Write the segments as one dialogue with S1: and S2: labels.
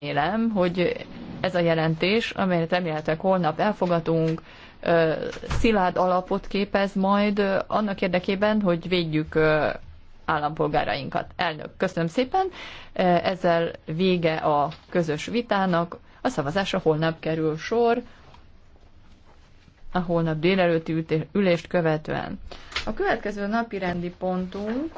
S1: remélem, hogy ez a jelentés, amelyet remélhetőleg holnap elfogadunk, szilárd alapot képez majd annak érdekében, hogy védjük állampolgárainkat. Elnök, köszönöm szépen. Ezzel vége a közös vitának. A szavazásra holnap kerül sor, a holnap délelőtti ülést követően. A következő napi rendi pontunk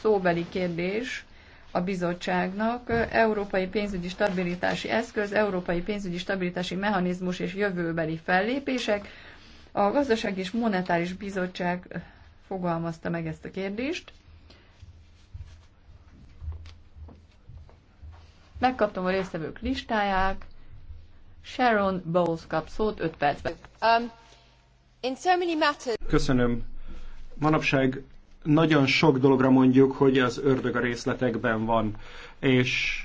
S1: szóbeli kérdés, a bizottságnak európai pénzügyi stabilitási eszköz, európai pénzügyi stabilitási mechanizmus és jövőbeli fellépések. A Gazdaság és Monetáris Bizottság fogalmazta meg ezt a kérdést. Megkaptam a résztvevők listáját. Sharon Bowles kap szót 5 percben. Um, in so many matters...
S2: Köszönöm. Manapság nagyon sok dologra mondjuk, hogy az ördög a részletekben van, és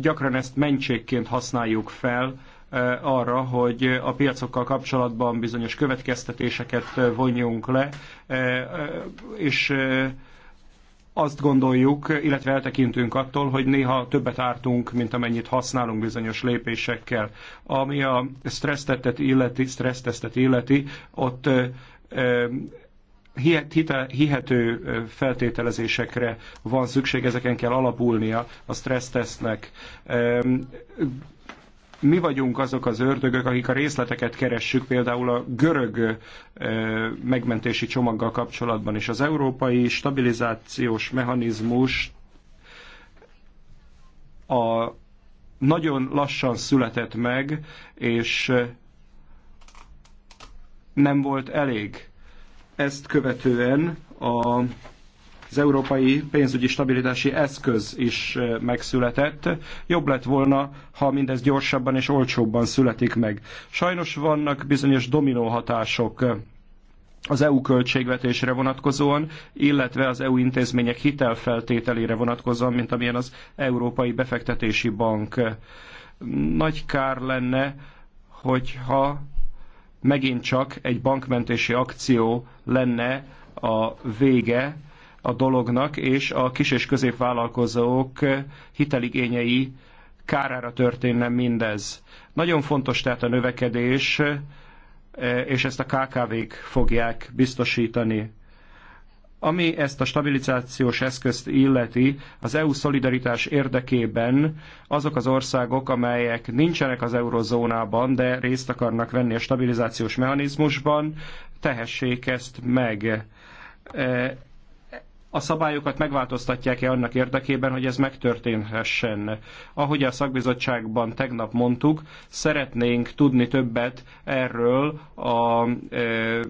S2: gyakran ezt mentségként használjuk fel arra, hogy a piacokkal kapcsolatban bizonyos következtetéseket vonjunk le, és azt gondoljuk, illetve eltekintünk attól, hogy néha többet ártunk, mint amennyit használunk bizonyos lépésekkel. Ami a stressztestet, illeti, stressztesztet illeti, ott hihető feltételezésekre van szükség, ezeken kell alapulnia a stressztesznek. Mi vagyunk azok az ördögök, akik a részleteket keressük, például a görög megmentési csomaggal kapcsolatban is. Az európai stabilizációs mechanizmus a nagyon lassan született meg, és nem volt elég ezt követően a az európai pénzügyi stabilitási eszköz is megszületett. Jobb lett volna, ha mindez gyorsabban és olcsóbban születik meg. Sajnos vannak bizonyos dominó hatások az EU költségvetésre vonatkozóan, illetve az EU intézmények hitelfeltételére vonatkozóan, mint amilyen az Európai Befektetési Bank. Nagy kár lenne, hogyha megint csak egy bankmentési akció lenne a vége a dolognak, és a kis- és középvállalkozók hiteligényei kárára történne mindez. Nagyon fontos tehát a növekedés, eh, és ezt a KKV-k fogják biztosítani. Ami ezt a stabilizációs eszközt illeti, az EU szolidaritás érdekében azok az országok, amelyek nincsenek az eurozónában, de részt akarnak venni a stabilizációs mechanizmusban, tehessék ezt meg. E, a szabályokat megváltoztatják-e annak érdekében, hogy ez megtörténhessen? Ahogy a szakbizottságban tegnap mondtuk, szeretnénk tudni többet erről a e,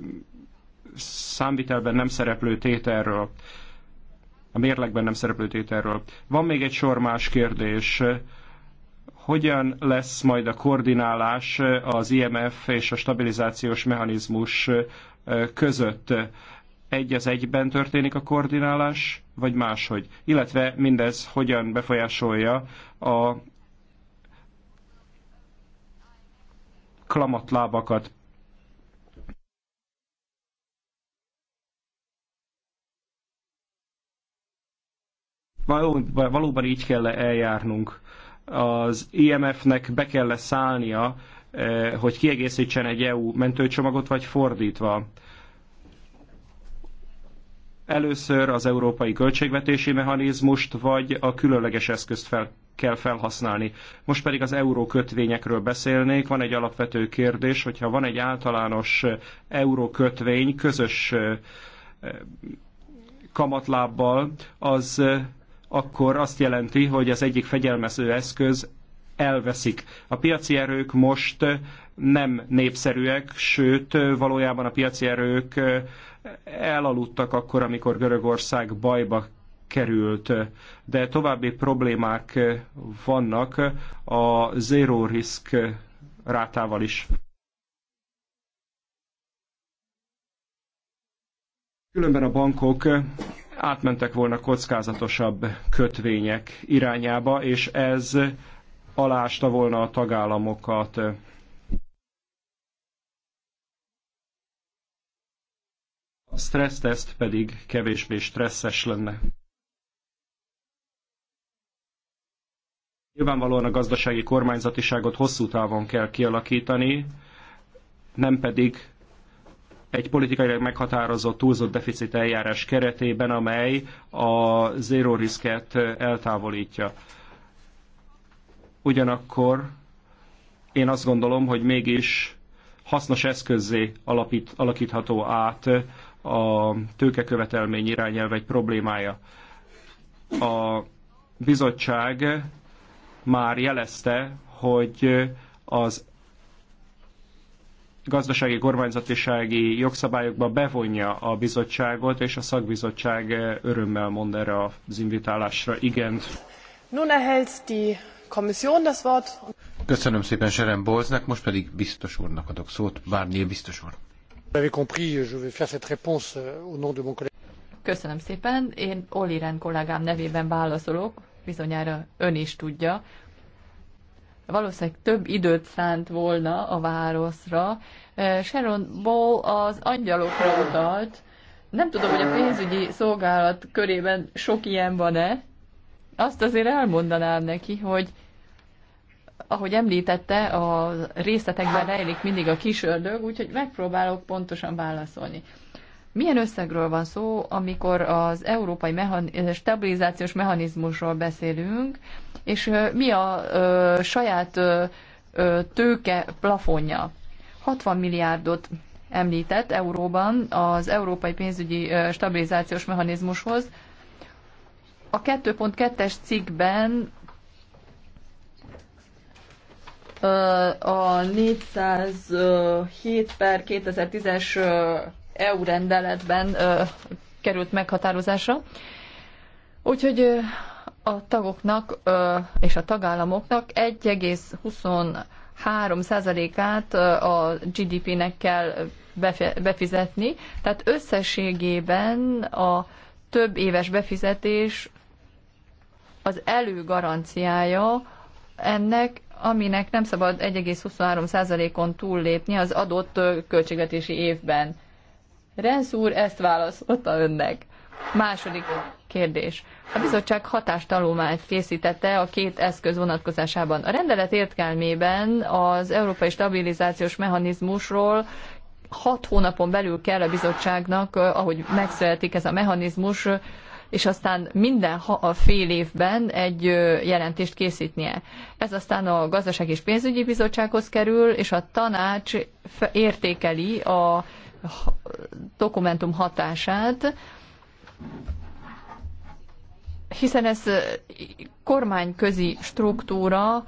S2: számvitelben nem szereplő tételről, a mérlegben nem szereplő tételről. Van még egy sor más kérdés. Hogyan lesz majd a koordinálás az IMF és a stabilizációs mechanizmus között? Egy az egyben történik a koordinálás, vagy máshogy? Illetve mindez hogyan befolyásolja a klamatlábakat? Valóban, valóban így kell -e eljárnunk. Az IMF-nek be kell -e szállnia, eh, hogy kiegészítsen egy EU mentőcsomagot, vagy fordítva. Először az európai költségvetési mechanizmust, vagy a különleges eszközt fel kell felhasználni. Most pedig az eurókötvényekről beszélnék. Van egy alapvető kérdés, hogyha van egy általános eh, eurókötvény közös eh, kamatlábbal, az akkor azt jelenti, hogy az egyik fegyelmező eszköz elveszik. A piaci erők most nem népszerűek, sőt, valójában a piaci erők elaludtak akkor, amikor Görögország bajba került, de további problémák vannak a zero risk rátával is. Különben a bankok átmentek volna kockázatosabb kötvények irányába, és ez alásta volna a tagállamokat. A stresszteszt pedig kevésbé stresszes lenne. Nyilvánvalóan a gazdasági kormányzatiságot hosszú távon kell kialakítani, nem pedig egy politikailag meghatározott túlzott deficit eljárás keretében, amely a zero risket eltávolítja. Ugyanakkor én azt gondolom, hogy mégis hasznos eszközzé alapít, alakítható át a tőkekövetelmény irányelv egy problémája. A bizottság már jelezte, hogy az gazdasági kormányzatisági jogszabályokba bevonja a bizottságot, és a szakbizottság eh, örömmel
S3: mond erre az invitálásra igent.
S4: Nun erhält die Kommission das
S1: Wort.
S3: Köszönöm szépen Sharon Bolznak, most pedig biztos úrnak adok szót, bármilyen biztos úr.
S1: Euh, Köszönöm szépen, én Olli Ren kollégám nevében válaszolok, bizonyára ön is tudja, valószínűleg több időt szánt volna a városra, Sharon Ball az angyalokra utalt. Nem tudom, hogy a pénzügyi szolgálat körében sok ilyen van-e. Azt azért elmondanám neki, hogy ahogy említette, a részletekben rejlik mindig a ördög, úgyhogy megpróbálok pontosan válaszolni. Milyen összegről van szó, amikor az európai mechan- stabilizációs mechanizmusról beszélünk, és mi a ö, saját ö, tőke plafonja? 60 milliárdot említett euróban az európai pénzügyi stabilizációs mechanizmushoz. A 2.2-es cikkben a 407 per 2010-es EU rendeletben került meghatározásra. Úgyhogy a tagoknak és a tagállamoknak 1,23%-át a GDP-nek kell befizetni, tehát összességében a több éves befizetés az előgaranciája ennek, aminek nem szabad 1,23%-on túllépni az adott költségvetési évben. Rensz úr ezt válaszolta önnek. Második kérdés. A bizottság hatástanulmányt készítette a két eszköz vonatkozásában. A rendelet értelmében az európai stabilizációs mechanizmusról hat hónapon belül kell a bizottságnak, eh, ahogy megszületik ez a mechanizmus, és aztán minden a fél évben egy eh, jelentést készítenie. Ez aztán a Gazdaság és Pénzügyi Bizottsághoz kerül, és a tanács értékeli a dokumentum hatását, hiszen ez kormányközi struktúra,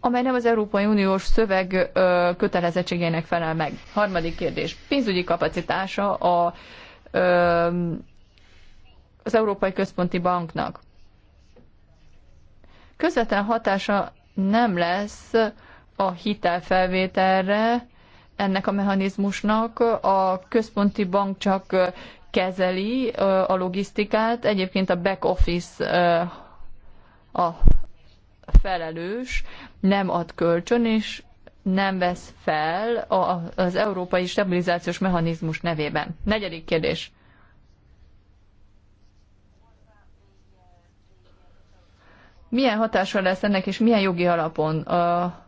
S1: amely nem az Európai Uniós szöveg kötelezettségeinek felel meg. Harmadik kérdés. Pénzügyi kapacitása a, az Európai Központi Banknak. Közvetlen hatása nem lesz a hitelfelvételre, ennek a mechanizmusnak. A központi bank csak kezeli a logisztikát, egyébként a back office a felelős, nem ad kölcsön, és nem vesz fel az európai stabilizációs mechanizmus nevében. Negyedik kérdés. Milyen hatással lesz ennek, és milyen jogi alapon? A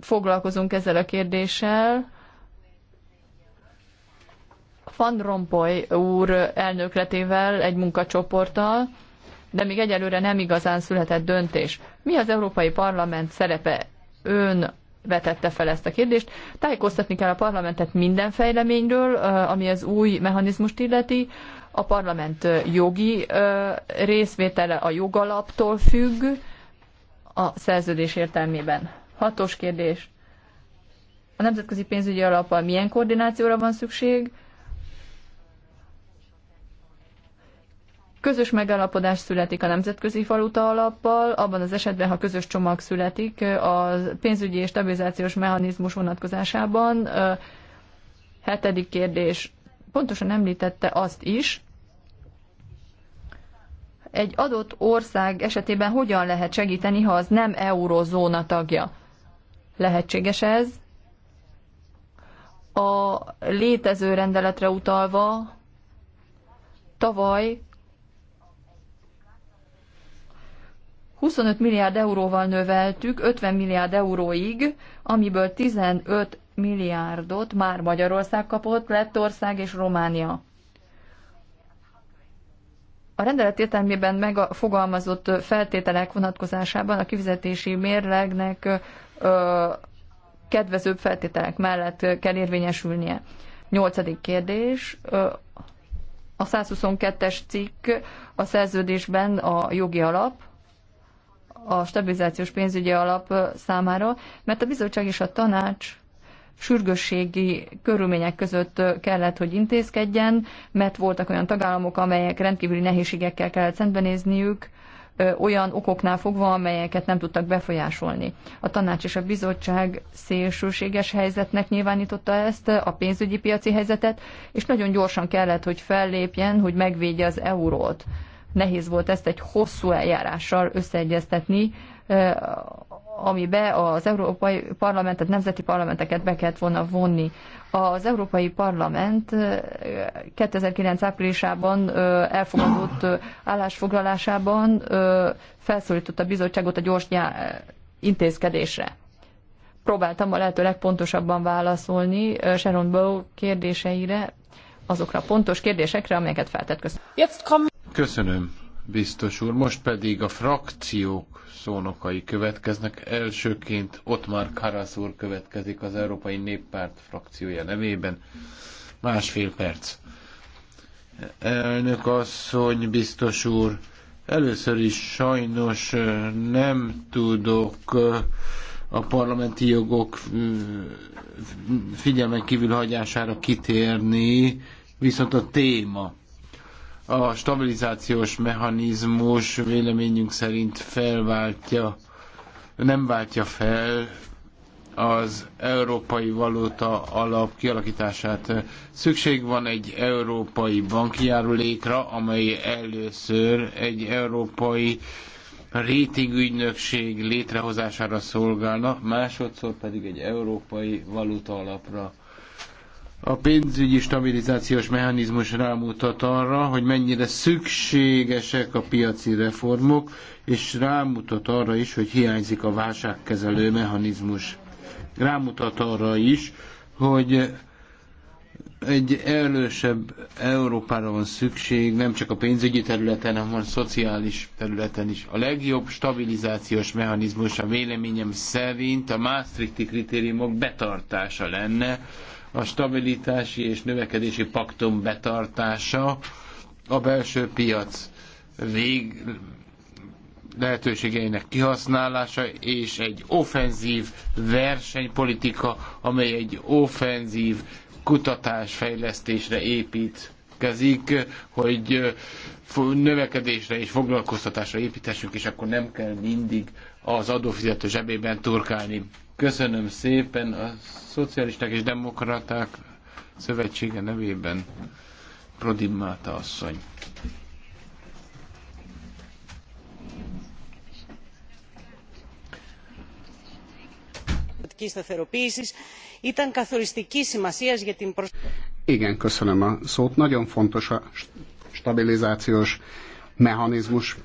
S1: foglalkozunk ezzel a kérdéssel. Van Rompoy úr elnökletével, egy munkacsoporttal, de még egyelőre nem igazán született döntés. Mi az Európai Parlament szerepe? Ön vetette fel ezt a kérdést. Tájékoztatni kell a parlamentet minden fejleményről, ami az új mechanizmust illeti. A parlament jogi részvétele a jogalaptól függ a szerződés értelmében. Hatos kérdés. A nemzetközi pénzügyi alappal milyen koordinációra van szükség? Közös megállapodás születik a nemzetközi Faluta alappal, abban az esetben, ha közös csomag születik eh, a pénzügyi és stabilizációs mechanizmus vonatkozásában. Eh, hetedik kérdés. Pontosan említette azt is, egy adott ország esetében hogyan lehet segíteni, ha az nem eurozóna tagja. Lehetséges ez? A létező rendeletre utalva tavaly 25 milliárd euróval növeltük 50 milliárd euróig, amiből 15 milliárdot már Magyarország kapott, Lettország és Románia. A rendelet értelmében megfogalmazott feltételek vonatkozásában a kifizetési mérlegnek kedvezőbb feltételek mellett kell érvényesülnie. Nyolcadik kérdés. A 122-es cikk a szerződésben a jogi alap, a stabilizációs pénzügyi alap számára, mert a bizottság és a tanács sürgősségi körülmények között kellett, hogy intézkedjen, mert voltak olyan tagállamok, amelyek rendkívüli nehézségekkel kellett szembenézniük, olyan okoknál fogva, amelyeket nem tudtak befolyásolni. A tanács és a bizottság szélsőséges helyzetnek nyilvánította ezt, a pénzügyi piaci helyzetet, és nagyon gyorsan kellett, hogy fellépjen, hogy megvédje az eurót. Nehéz volt ezt egy hosszú eljárással összeegyeztetni, amibe az Európai Parlamentet, nemzeti parlamenteket be kellett volna vonni. Az Európai Parlament 2009. áprilisában elfogadott állásfoglalásában felszólította a bizottságot a gyors intézkedésre. Próbáltam a lehető legpontosabban válaszolni Sharon Bow kérdéseire, azokra a pontos kérdésekre, amelyeket feltett. Köszönöm.
S3: Köszönöm biztos úr. Most pedig a frakciók szónokai következnek. Elsőként Ottmar Karasz úr következik az Európai Néppárt frakciója nevében. Másfél perc. Elnök asszony, biztos úr, először is sajnos nem tudok a parlamenti jogok figyelmen kívül hagyására kitérni, viszont a téma a stabilizációs mechanizmus véleményünk szerint felváltja, nem váltja fel az európai valuta alap kialakítását. Szükség van egy európai banki járulékra, amely először egy európai rétingügynökség létrehozására szolgálna, másodszor pedig egy európai valuta alapra. A pénzügyi stabilizációs mechanizmus rámutat arra, hogy mennyire szükségesek a piaci reformok, és rámutat arra is, hogy hiányzik a válságkezelő mechanizmus. Rámutat arra is, hogy egy erősebb Európára van szükség, nem csak a pénzügyi területen, hanem a szociális területen is. A legjobb stabilizációs mechanizmus a véleményem szerint a Maastrichti kritériumok betartása lenne, a stabilitási és növekedési paktum betartása, a belső piac vég lehetőségeinek kihasználása és egy offenzív versenypolitika, amely egy offenzív kutatásfejlesztésre kezik, hogy növekedésre és foglalkoztatásra építessünk, és akkor nem kell mindig az adófizető zsebében turkálni. Köszönöm szépen a Szocialisták és Demokraták Szövetsége nevében Prodimáta asszony.
S5: Igen, köszönöm a szót. Nagyon fontos a stabilizációs mechanizmus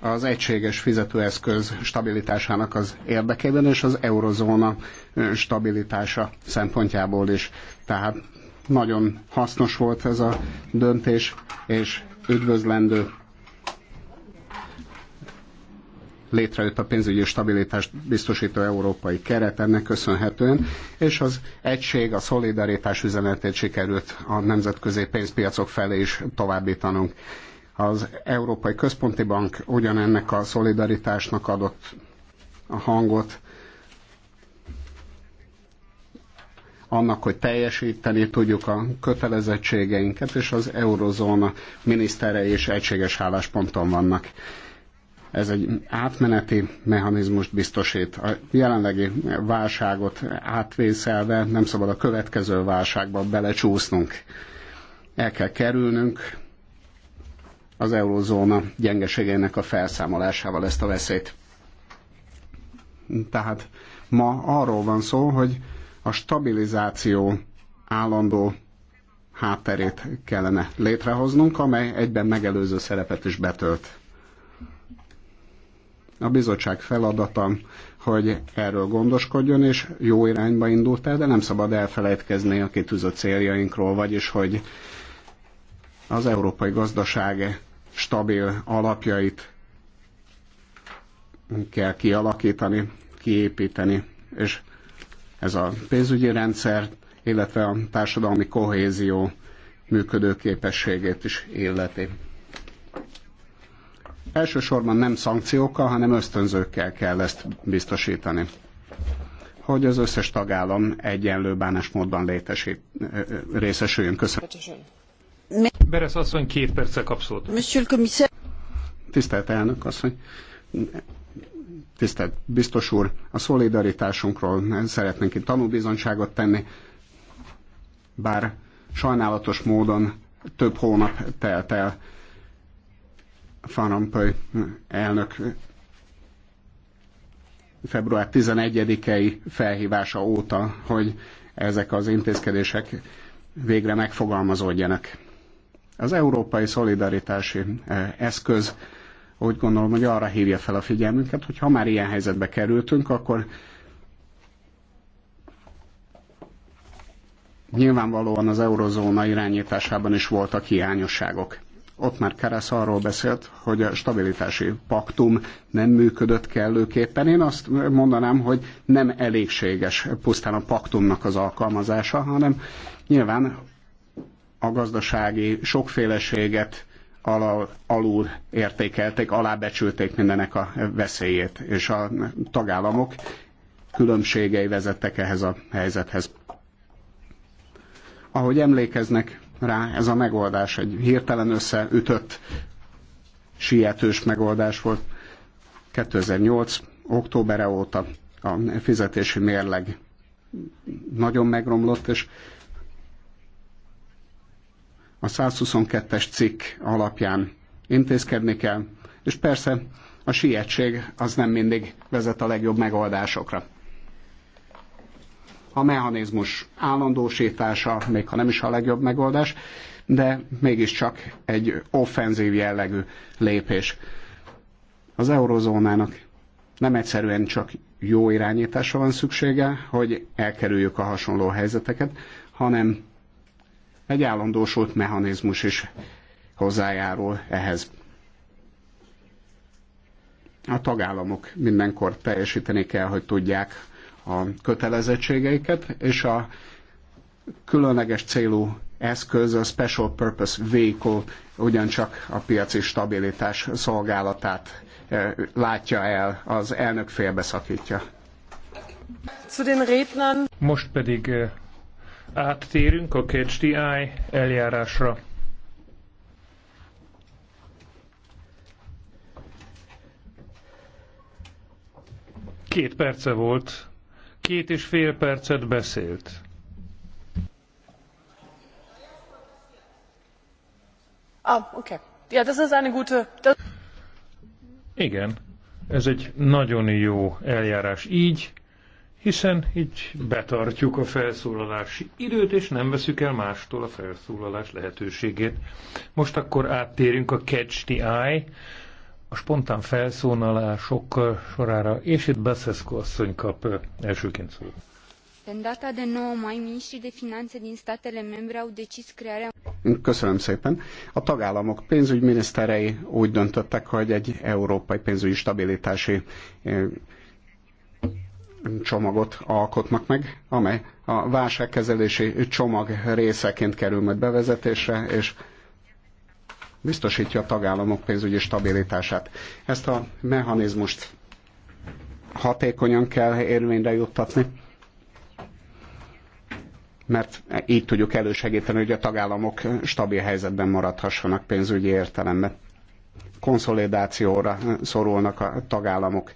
S5: az egységes fizetőeszköz stabilitásának az érdekében, és az eurozóna stabilitása szempontjából is. Tehát nagyon hasznos volt ez a döntés, és üdvözlendő létrejött a pénzügyi stabilitást biztosító európai keret ennek köszönhetően, és az egység, a szolidaritás üzenetét sikerült a nemzetközi pénzpiacok felé is továbbítanunk. Az Európai Központi Bank ugyanennek a szolidaritásnak adott a hangot, annak, hogy teljesíteni tudjuk a kötelezettségeinket, és az eurozóna miniszterei is egységes állásponton vannak. Ez egy átmeneti mechanizmust biztosít. A jelenlegi válságot átvészelve nem szabad a következő válságba belecsúsznunk. El kell kerülnünk az eurózóna gyengeségeinek a felszámolásával ezt a veszélyt. Tehát ma arról van szó, hogy a stabilizáció állandó hátterét kellene létrehoznunk, amely egyben megelőző szerepet is betölt. A bizottság feladata, hogy erről gondoskodjon, és jó irányba indult el, de nem szabad elfelejtkezni a kitűzött céljainkról, vagyis hogy az európai gazdaság stabil alapjait kell kialakítani, kiépíteni, és ez a pénzügyi rendszer, illetve a társadalmi kohézió működőképességét is illeti. Elsősorban nem szankciókkal, hanem ösztönzőkkel kell ezt biztosítani hogy az összes tagállam egyenlő bánásmódban létesít, részesüljön. Köszönöm.
S4: Beres asszony két perccel kapszolt. Monsieur le commissaire.
S5: Tisztelt elnök asszony, tisztelt biztos úr, a szolidaritásunkról szeretnénk itt tanúbizonyságot tenni, bár sajnálatos módon több hónap telt el Farampöly elnök február 11-i felhívása óta, hogy ezek az intézkedések végre megfogalmazódjanak. Az európai szolidaritási e, eszköz úgy gondolom, hogy arra hívja fel a figyelmünket, hogy ha már ilyen helyzetbe kerültünk, akkor nyilvánvalóan az eurozóna irányításában is voltak hiányosságok. Ott már Keresz arról beszélt, hogy a stabilitási paktum nem működött kellőképpen. Én azt mondanám, hogy nem elégséges pusztán a paktumnak az alkalmazása, hanem nyilván a gazdasági sokféleséget alul értékelték, alábecsülték mindenek a veszélyét, és a tagállamok különbségei vezettek ehhez a helyzethez. Ahogy emlékeznek rá, ez a megoldás egy hirtelen összeütött, sietős megoldás volt. 2008. októbere óta a fizetési mérleg nagyon megromlott, és a 122-es cikk alapján intézkedni kell, és persze a sietség az nem mindig vezet a legjobb megoldásokra. A mechanizmus állandósítása, még ha nem is a legjobb megoldás, de mégiscsak egy offenzív jellegű lépés. Az eurozónának nem egyszerűen csak jó irányításra van szüksége, hogy elkerüljük a hasonló helyzeteket, hanem egy állandósult mechanizmus is hozzájárul ehhez. A tagállamok mindenkor teljesíteni kell, hogy tudják a kötelezettségeiket, és a különleges célú eszköz, a Special Purpose Vehicle ugyancsak a piaci stabilitás szolgálatát eh, látja el, az elnök félbeszakítja.
S4: Most pedig eh, Áttérünk a KHDI eljárásra. Két perce volt, két és fél percet beszélt.
S1: Ah, okay. Ja, das ist eine gute... Das...
S4: Igen, ez egy nagyon jó eljárás. Így hiszen így betartjuk a felszólalási időt, és nem veszük el mástól a felszólalás lehetőségét. Most akkor áttérünk a Catch the Eye, a spontán felszólalások sorára, és itt Beszeszko asszony kap elsőként szót.
S1: În data de 9 mai, miniștrii de finanțe din statele membre au decis crearea...
S5: Köszönöm szépen. A tagállamok pénzügyminiszterei úgy döntöttek, hogy egy európai pénzügyi stabilitási csomagot alkotnak meg, amely a válságkezelési csomag részeként kerül majd bevezetésre, és biztosítja a tagállamok pénzügyi stabilitását. Ezt a mechanizmust hatékonyan kell érvényre juttatni, mert így tudjuk elősegíteni, hogy a tagállamok stabil helyzetben maradhassanak pénzügyi értelemben. Konszolidációra szorulnak a tagállamok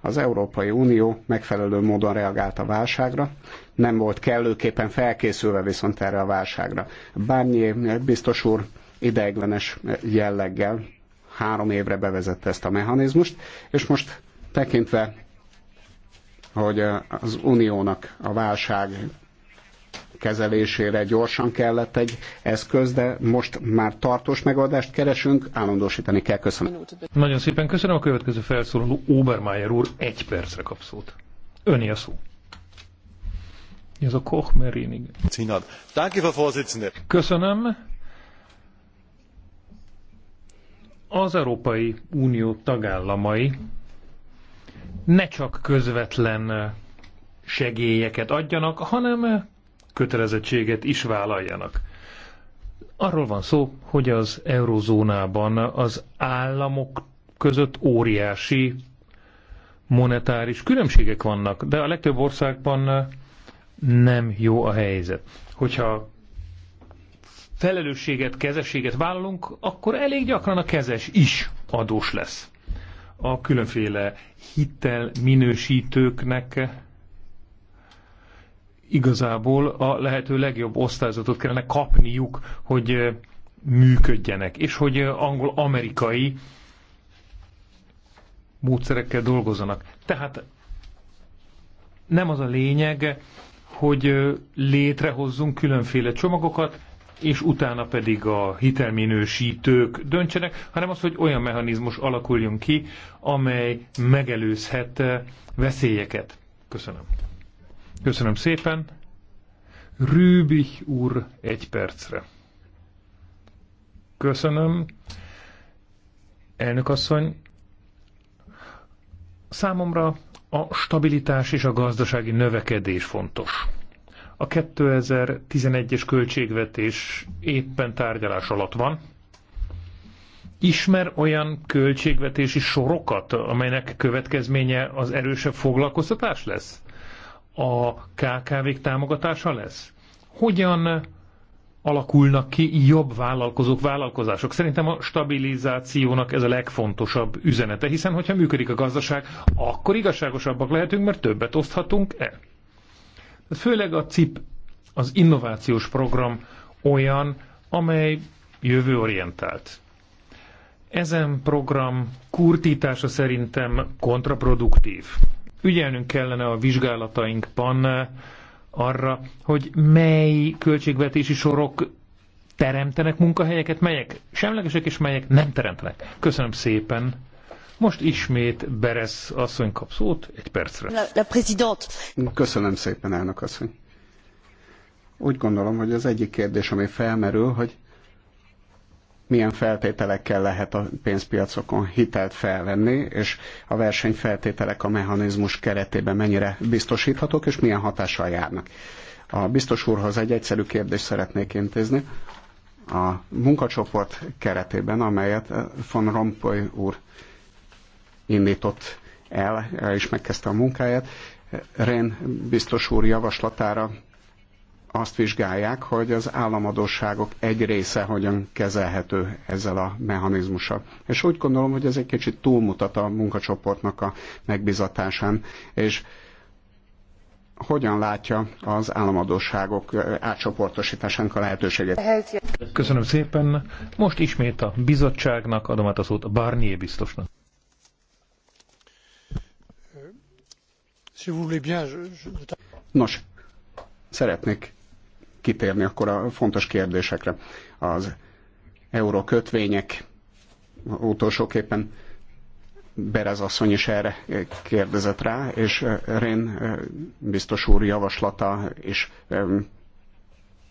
S5: az Európai Unió megfelelő módon reagált a válságra, nem volt kellőképpen felkészülve viszont erre a válságra. Bárnyi biztos úr ideiglenes jelleggel három évre bevezette ezt a mechanizmust, és most tekintve, hogy az uniónak a válság kezelésére gyorsan kellett egy eszköz, de most már tartós megoldást keresünk, állandósítani kell. Köszönöm.
S4: Nagyon szépen köszönöm. A következő felszólaló Obermeier úr egy percre kap szót. Öné a szó. Ez a Koch Merinig. Köszönöm. Az Európai Unió tagállamai ne csak közvetlen segélyeket adjanak, hanem kötelezettséget is vállaljanak. Arról van szó, hogy az eurozónában az államok között óriási monetáris különbségek vannak, de a legtöbb országban eh, nem jó a helyzet. Hogyha felelősséget, kezességet vállalunk, akkor elég gyakran a kezes is adós lesz. A különféle hitel minősítőknek igazából a lehető legjobb osztályzatot kellene kapniuk, hogy működjenek, és hogy angol-amerikai módszerekkel dolgozzanak. Tehát nem az a lényeg, hogy létrehozzunk különféle csomagokat, és utána pedig a hitelminősítők döntsenek, hanem az, hogy olyan mechanizmus alakuljon ki, amely megelőzhet veszélyeket. Köszönöm. Köszönöm szépen. Rübich úr egy percre. Köszönöm. Elnök asszony, számomra a stabilitás és a gazdasági növekedés fontos. A 2011-es költségvetés éppen tárgyalás alatt van. Ismer olyan költségvetési sorokat, amelynek következménye az erősebb foglalkoztatás lesz? a KKV-k támogatása lesz? Hogyan alakulnak ki jobb vállalkozók, vállalkozások. Szerintem a stabilizációnak ez a legfontosabb üzenete, hiszen hogyha működik a gazdaság, akkor igazságosabbak lehetünk, mert többet oszthatunk el. Főleg a CIP, az innovációs program olyan, amely jövőorientált. Ezen program kurtítása szerintem kontraproduktív ügyelnünk kellene a vizsgálatainkban eh, arra, hogy mely költségvetési sorok teremtenek munkahelyeket, melyek semlegesek és melyek nem teremtenek. Köszönöm szépen. Most ismét Beresz asszony kap szót egy percre. La, la
S5: Köszönöm szépen, elnök asszony. Úgy gondolom, hogy az egyik kérdés, ami felmerül, hogy milyen feltételekkel lehet a pénzpiacokon hitelt felvenni, és a versenyfeltételek a mechanizmus keretében mennyire biztosíthatók, és milyen hatással járnak. A biztos úrhoz egy egyszerű kérdést szeretnék intézni. A munkacsoport keretében, amelyet von Rompuy úr indított el, és megkezdte a munkáját, Rén biztos úr javaslatára azt vizsgálják, hogy az államadóságok egy része hogyan kezelhető ezzel a mechanizmussal. És úgy gondolom, hogy ez egy kicsit túlmutat a munkacsoportnak a megbizatásán, és hogyan látja az államadóságok átcsoportosításánk a lehetőséget.
S4: Köszönöm szépen. Most ismét a bizottságnak adom át a szót a Barnier biztosnak.
S3: Euh,
S5: Nos, szeretnék kitérni akkor a fontos kérdésekre. Az euró kötvények utolsóképpen Berez asszony is erre kérdezett rá, és eh, Rén eh, biztos úr javaslata is eh,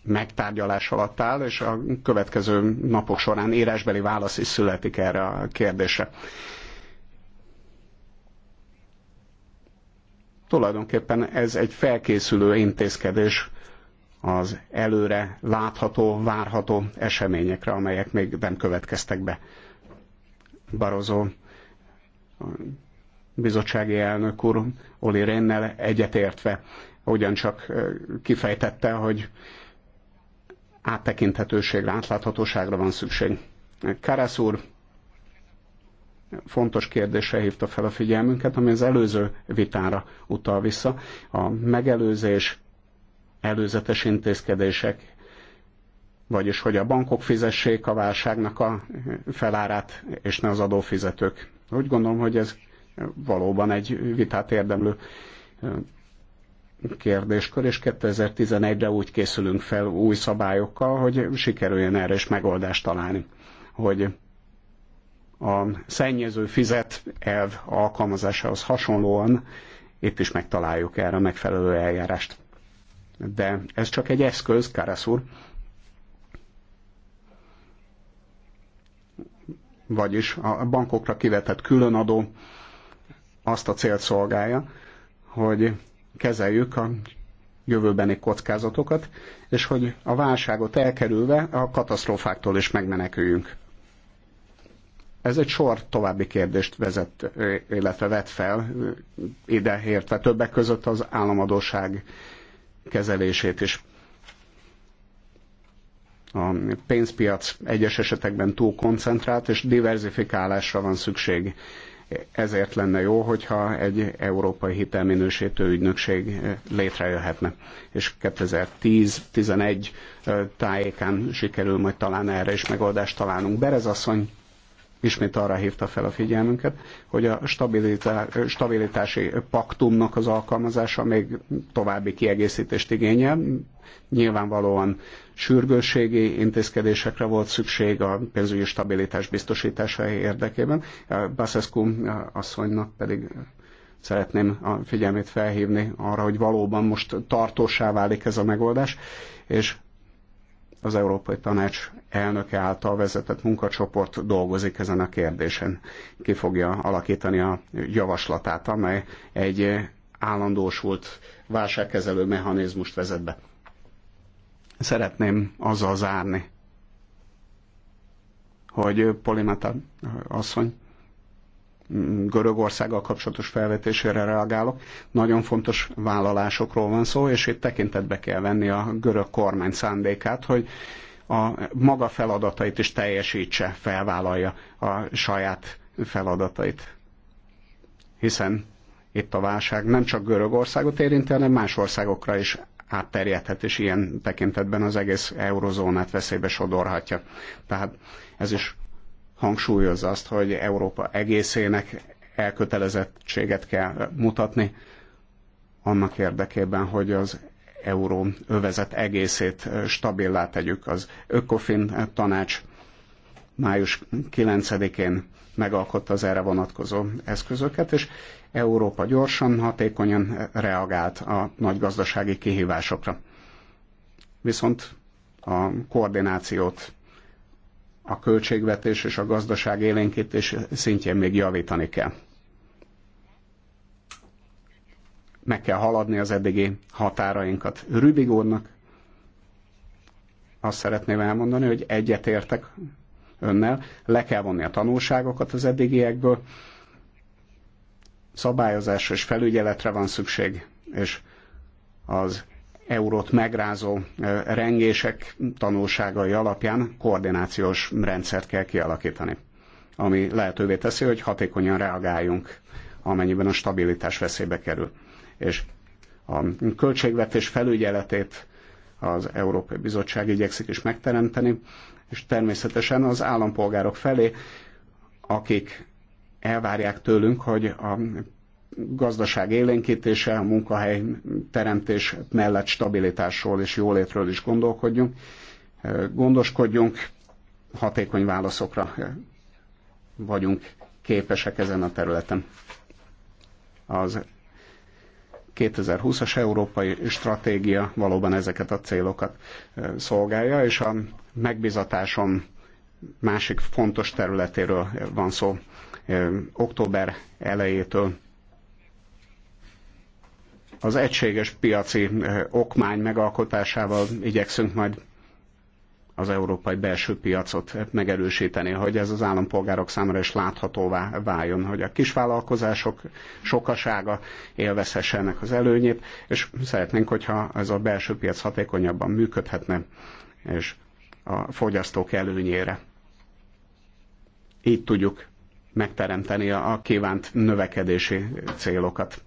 S5: megtárgyalás alatt áll, és a következő napok során írásbeli válasz is születik erre a kérdésre. Tulajdonképpen ez egy felkészülő intézkedés az előre látható, várható eseményekre, amelyek még nem következtek be. Barozó bizottsági elnök úr Oli Rénnel egyetértve ugyancsak kifejtette, hogy áttekinthetőségre, átláthatóságra van szükség. Karasz úr fontos kérdésre hívta fel a figyelmünket, ami az előző vitára utal vissza. A megelőzés, előzetes intézkedések, vagyis hogy a bankok fizessék a válságnak a felárát, és ne az adófizetők. Úgy gondolom, hogy ez valóban egy vitát érdemlő kérdéskör, és 2011-re úgy készülünk fel új szabályokkal, hogy sikerüljön erre is megoldást találni, hogy a szennyező fizet elv alkalmazásához hasonlóan itt is megtaláljuk erre a megfelelő eljárást de ez csak egy eszköz, Karasz úr. Vagyis a bankokra kivetett különadó azt a célt szolgálja, hogy kezeljük a jövőbeni kockázatokat, és hogy a válságot elkerülve a katasztrófáktól is megmeneküljünk. Ez egy sor további kérdést vezet, illetve vett fel, ide értve többek között az államadóság kezelését is. A pénzpiac egyes esetekben túl koncentrált, és diversifikálásra van szükség. Ezért lenne jó, hogyha egy európai hitelminősítő ügynökség eh, létrejöhetne. És 2010-11 eh, tájékán sikerül majd talán erre is megoldást találnunk. Berez asszony ismét arra hívta fel a figyelmünket, hogy a stabilitási paktumnak az alkalmazása még további kiegészítést igényel. Nyilvánvalóan sürgősségi intézkedésekre volt szükség a pénzügyi stabilitás biztosítása érdekében. Basescu asszonynak pedig szeretném a figyelmét felhívni arra, hogy valóban most tartósá válik ez a megoldás, és az Európai Tanács elnöke által vezetett munkacsoport dolgozik ezen a kérdésen. Ki fogja alakítani a javaslatát, amely egy állandósult válságkezelő mechanizmust vezet be. Szeretném azzal zárni, hogy Polimata asszony Görögországgal kapcsolatos felvetésére reagálok. Nagyon fontos vállalásokról van szó, és itt tekintetbe kell venni a görög kormány szándékát, hogy a maga feladatait is teljesítse, felvállalja a saját feladatait. Hiszen itt a válság nem csak Görögországot érinti, hanem más országokra is átterjedhet, és ilyen tekintetben az egész eurozónát veszélybe sodorhatja. Tehát ez is hangsúlyozza azt, hogy Európa egészének elkötelezettséget kell mutatni annak érdekében, hogy az euró övezet egészét stabilá tegyük. Az Ökofin tanács május 9-én megalkotta az erre vonatkozó eszközöket, és Európa gyorsan, hatékonyan reagált a nagy gazdasági kihívásokra. Viszont a koordinációt a költségvetés és a gazdaság élénkítés szintjén még javítani kell. Meg kell haladni az eddigi határainkat. Rübig úrnak azt szeretném elmondani, hogy egyetértek önnel, le kell vonni a tanulságokat az eddigiekből, szabályozásra és felügyeletre van szükség, és az eurót megrázó rengések tanulságai alapján koordinációs rendszert kell kialakítani, ami lehetővé teszi, hogy hatékonyan reagáljunk, amennyiben a stabilitás veszélybe kerül. És a költségvetés felügyeletét az Európai Bizottság igyekszik is megteremteni, és természetesen az állampolgárok felé, akik elvárják tőlünk, hogy a gazdaság élénkítése, a munkahely teremtés mellett stabilitásról és jólétről is gondolkodjunk, gondoskodjunk, hatékony válaszokra vagyunk képesek ezen a területen. Az 2020-as európai stratégia valóban ezeket a célokat szolgálja, és a megbizatásom másik fontos területéről van szó. Október elejétől az egységes piaci eh, okmány megalkotásával igyekszünk majd az európai belső piacot megerősíteni, hogy ez az állampolgárok számára is láthatóvá váljon, hogy a kisvállalkozások sokasága élvezhesse ennek az előnyét, és szeretnénk, hogyha ez a belső piac hatékonyabban működhetne, és a fogyasztók előnyére. Így tudjuk megteremteni a kívánt növekedési célokat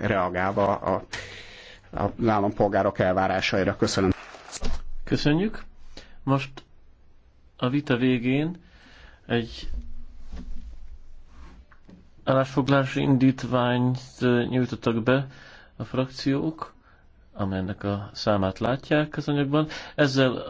S5: reagálva a, a állampolgárok elvárásaira. Köszönöm.
S4: Köszönjük. Most a vita végén egy állásfoglalási indítványt nyújtottak be a frakciók, amelynek a számát látják az
S3: anyagban. Ezzel